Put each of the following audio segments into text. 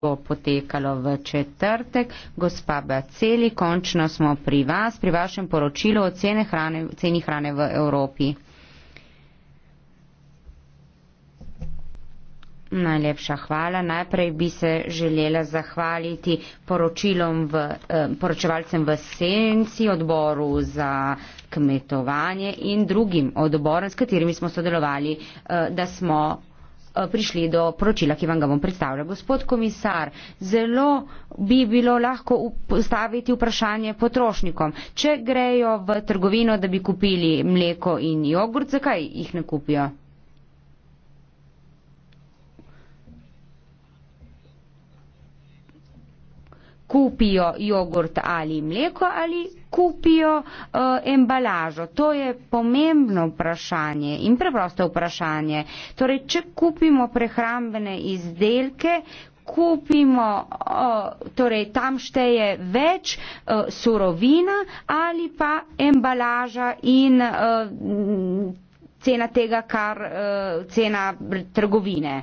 bo potekalo v četrtek. Gospa Baceli, končno smo pri vas, pri vašem poročilu o cene hrane, ceni hrane v Evropi. Najlepša hvala. Najprej bi se želela zahvaliti v, eh, poročevalcem v Senci, odboru za kmetovanje in drugim odborom, s katerimi smo sodelovali, eh, da smo Eh, prišli do poročila, ki vam ga bom predstavljal. Gospod komisar, zelo bi bilo lahko postaviti vprašanje potrošnikom. Če grejo v trgovino, da bi kupili mleko in jogurt, zakaj jih ne kupijo? kupijo jogurt ali mleko ali kupijo uh, embalažo. To je pomembno vprašanje in preprosto vprašanje. Torej, če kupimo prehrambene izdelke, kupimo, uh, torej tam šteje več uh, surovina ali pa embalaža in uh, cena tega, kar uh, cena trgovine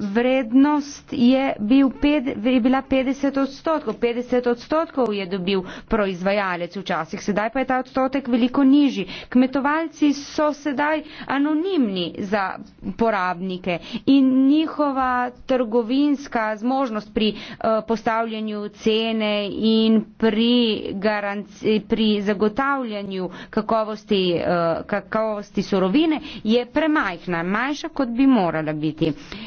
vrednost je, bil pet, je bila 50 odstotkov. 50 odstotkov je dobil proizvajalec včasih, sedaj pa je ta odstotek veliko nižji. Kmetovalci so sedaj anonimni za porabnike in njihova trgovinska zmožnost pri uh, postavljanju cene in pri, garanci, pri zagotavljanju kakovosti, uh, kakovosti surovine je premajhna, manjša kot bi morala biti. Uh,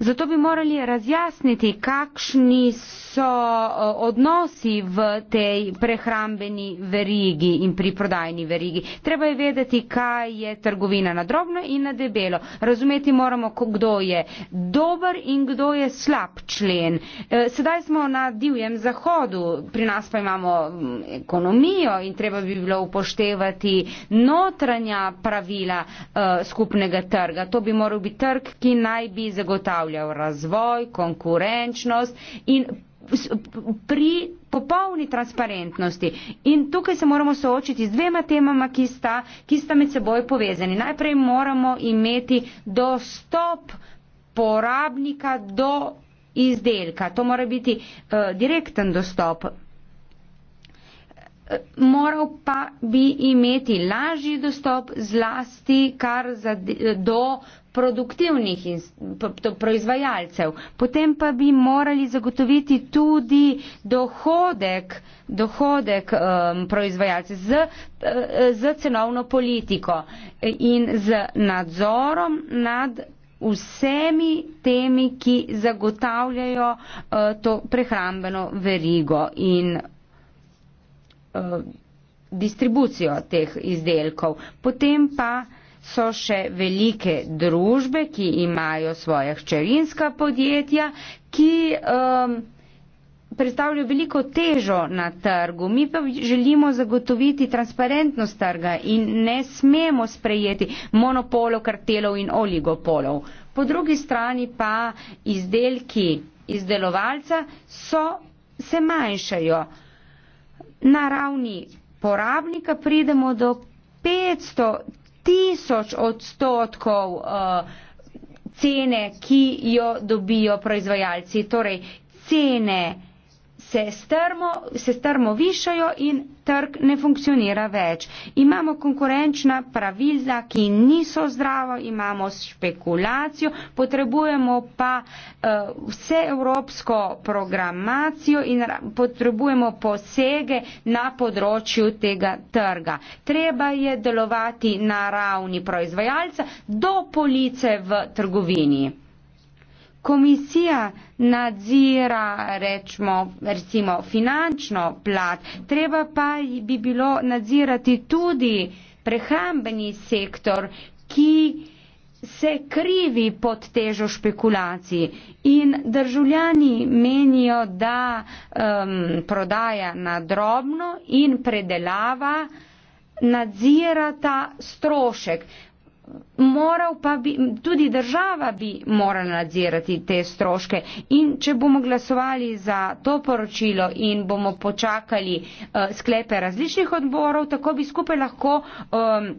Zato bi morali razjasniti, kakšni so e, odnosi v tej prehrambeni verigi in pri prodajni verigi. Treba je vedeti, kaj je trgovina na drobno in na debelo. Razumeti moramo, kdo je dober in kdo je slab člen. E, sedaj smo na divjem zahodu, pri nas pa imamo mm, ekonomijo in treba bi bilo upoštevati notranja pravila e, skupnega trga. To bi moral biti trg, ki naj bi zagotavljal zagotavljal razvoj, konkurenčnost in pri popolni transparentnosti. In tukaj se moramo soočiti z dvema temama, ki sta, ki sta med seboj povezani. Najprej moramo imeti dostop porabnika do izdelka. To mora biti uh, direkten dostop moral pa bi imeti lažji dostop zlasti kar za, do produktivnih in, to, proizvajalcev. Potem pa bi morali zagotoviti tudi dohodek, dohodek um, proizvajalcev z, z cenovno politiko in z nadzorom nad vsemi temi, ki zagotavljajo uh, to prehrambeno verigo in Eh, distribucijo teh izdelkov. Potem pa so še velike družbe, ki imajo svoje hčerinska podjetja, ki um, predstavljajo veliko težo na trgu. Mi pa želimo zagotoviti transparentnost trga in ne smemo sprejeti monopolov, kartelov in oligopolov. Po drugi strani pa izdelki izdelovalca so, se manjšajo na ravni porabnika pridemo do 500 tisoč odstotkov uh, cene, ki jo dobijo proizvajalci. Torej, cene se strmo, se strmo višajo in trg ne funkcionira več. Imamo konkurenčna pravila, ki niso zdrava, imamo špekulacijo, potrebujemo pa uh, eh, vse evropsko programacijo in potrebujemo posege na področju tega trga. Treba je delovati na ravni proizvajalca do police v trgovini komisija nadzira rečmo, recimo finančno plat, treba pa bi bilo nadzirati tudi prehrambeni sektor, ki se krivi pod težo špekulacij in državljani menijo, da um, prodaja na drobno in predelava nadzirata strošek moral pa bi, tudi država bi morala nadzirati te stroške. In če bomo glasovali za to poročilo in bomo počakali uh, sklepe različnih odborov, tako bi skupaj lahko um,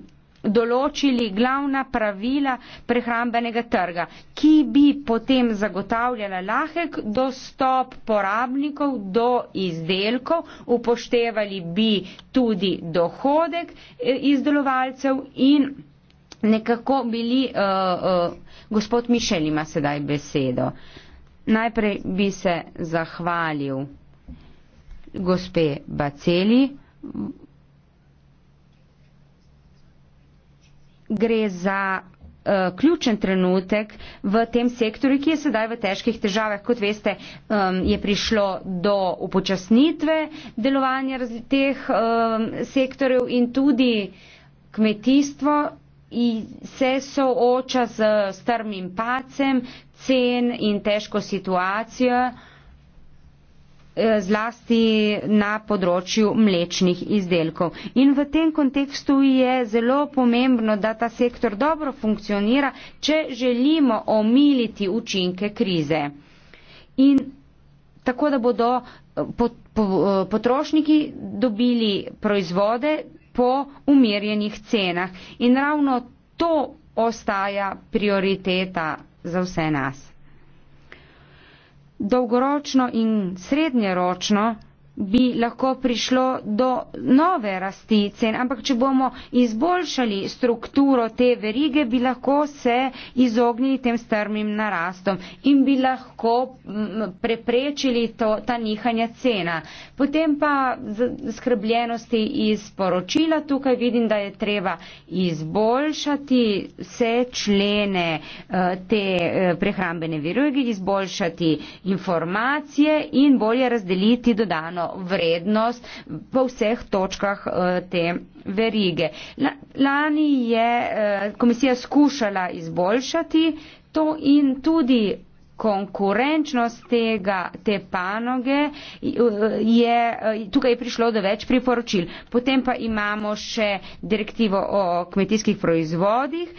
določili glavna pravila prehrambenega trga, ki bi potem zagotavljala lahek dostop porabnikov do izdelkov, upoštevali bi tudi dohodek eh, izdelovalcev in nekako bili, uh, uh, gospod Mišel ima sedaj besedo. Najprej bi se zahvalil gospe Baceli. Gre za uh, ključen trenutek v tem sektorju, ki je sedaj v težkih težavah. Kot veste, um, je prišlo do upočasnitve delovanja teh um, sektorjev in tudi kmetijstvo in se sooča z strmim pacem, cen in težko situacijo, e, zlasti na področju mlečnih izdelkov. In v tem kontekstu je zelo pomembno, da ta sektor dobro funkcionira, če želimo omiliti učinke krize. In tako, da bodo e, e, potrošniki dobili proizvode, po umirjenih cenah. In ravno to ostaja prioriteta za vse nas. Dolgoročno in srednjeročno bi lahko prišlo do nove rasti cen, ampak če bomo izboljšali strukturo te verige, bi lahko se izognili tem strmim narastom in bi lahko preprečili to, ta nihanja cena. Potem pa skrbljenosti iz poročila, tukaj vidim, da je treba izboljšati vse člene eh, te eh, prehrambene verige, izboljšati informacije in bolje razdeliti dodano vrednost po vseh točkah eh, te verige. Lani je eh, komisija skušala izboljšati to in tudi konkurenčnost tega, te panoge uh, je, uh, tukaj je prišlo do več priporočil. Potem pa imamo še direktivo o kmetijskih proizvodih.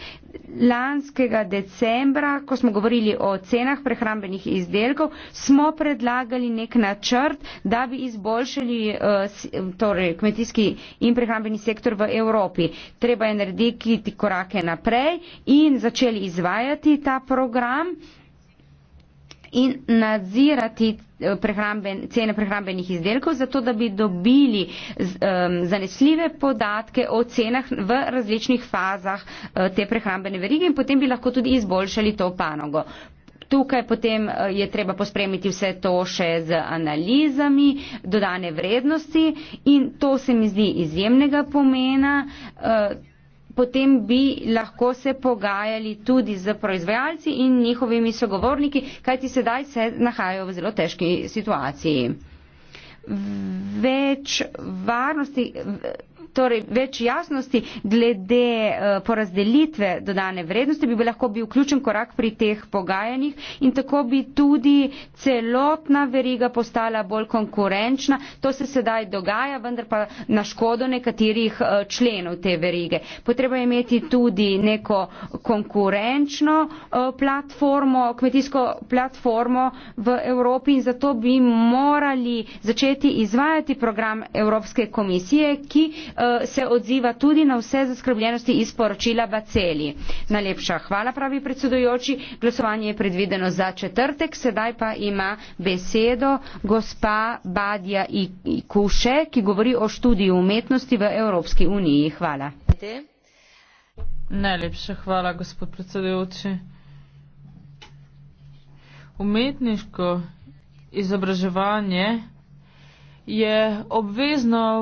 Lanskega decembra, ko smo govorili o cenah prehrambenih izdelkov, smo predlagali nek načrt, da bi izboljšali uh, torej, kmetijski in prehrambeni sektor v Evropi. Treba je narediti korake naprej in začeli izvajati ta program in nadzirati eh, prehramben, cene prehrambenih izdelkov, zato da bi dobili um, zanesljive podatke o cenah v različnih fazah uh, te prehrambene verige in potem bi lahko tudi izboljšali to panogo. Tukaj potem eh, je treba pospremiti vse to še z analizami dodane vrednosti in to se mi zdi izjemnega pomena. Uh, potem bi lahko se pogajali tudi z proizvajalci in njihovimi sogovorniki, kajti sedaj se nahajajo v zelo težki situaciji. Več varnosti, torej več jasnosti glede eh, porazdelitve dodane vrednosti, bi lahko bil ključen korak pri teh pogajanjih in tako bi tudi celotna veriga postala bolj konkurenčna. To se sedaj dogaja, vendar pa na škodo nekaterih eh, členov te verige. Potreba je imeti tudi neko konkurenčno eh, platformo, kmetijsko platformo v Evropi in zato bi morali začeti izvajati program Evropske komisije, ki uh, Eh, se odziva tudi na vse zaskrbljenosti iz poročila Baceli. Najlepša hvala, pravi predsedujoči. Glasovanje je predvideno za četrtek, sedaj pa ima besedo gospa Badja Ikuše, ki govori o študiju umetnosti v Evropski uniji. Hvala. Najlepša hvala, gospod predsedujoči. Umetniško izobraževanje je obvezno.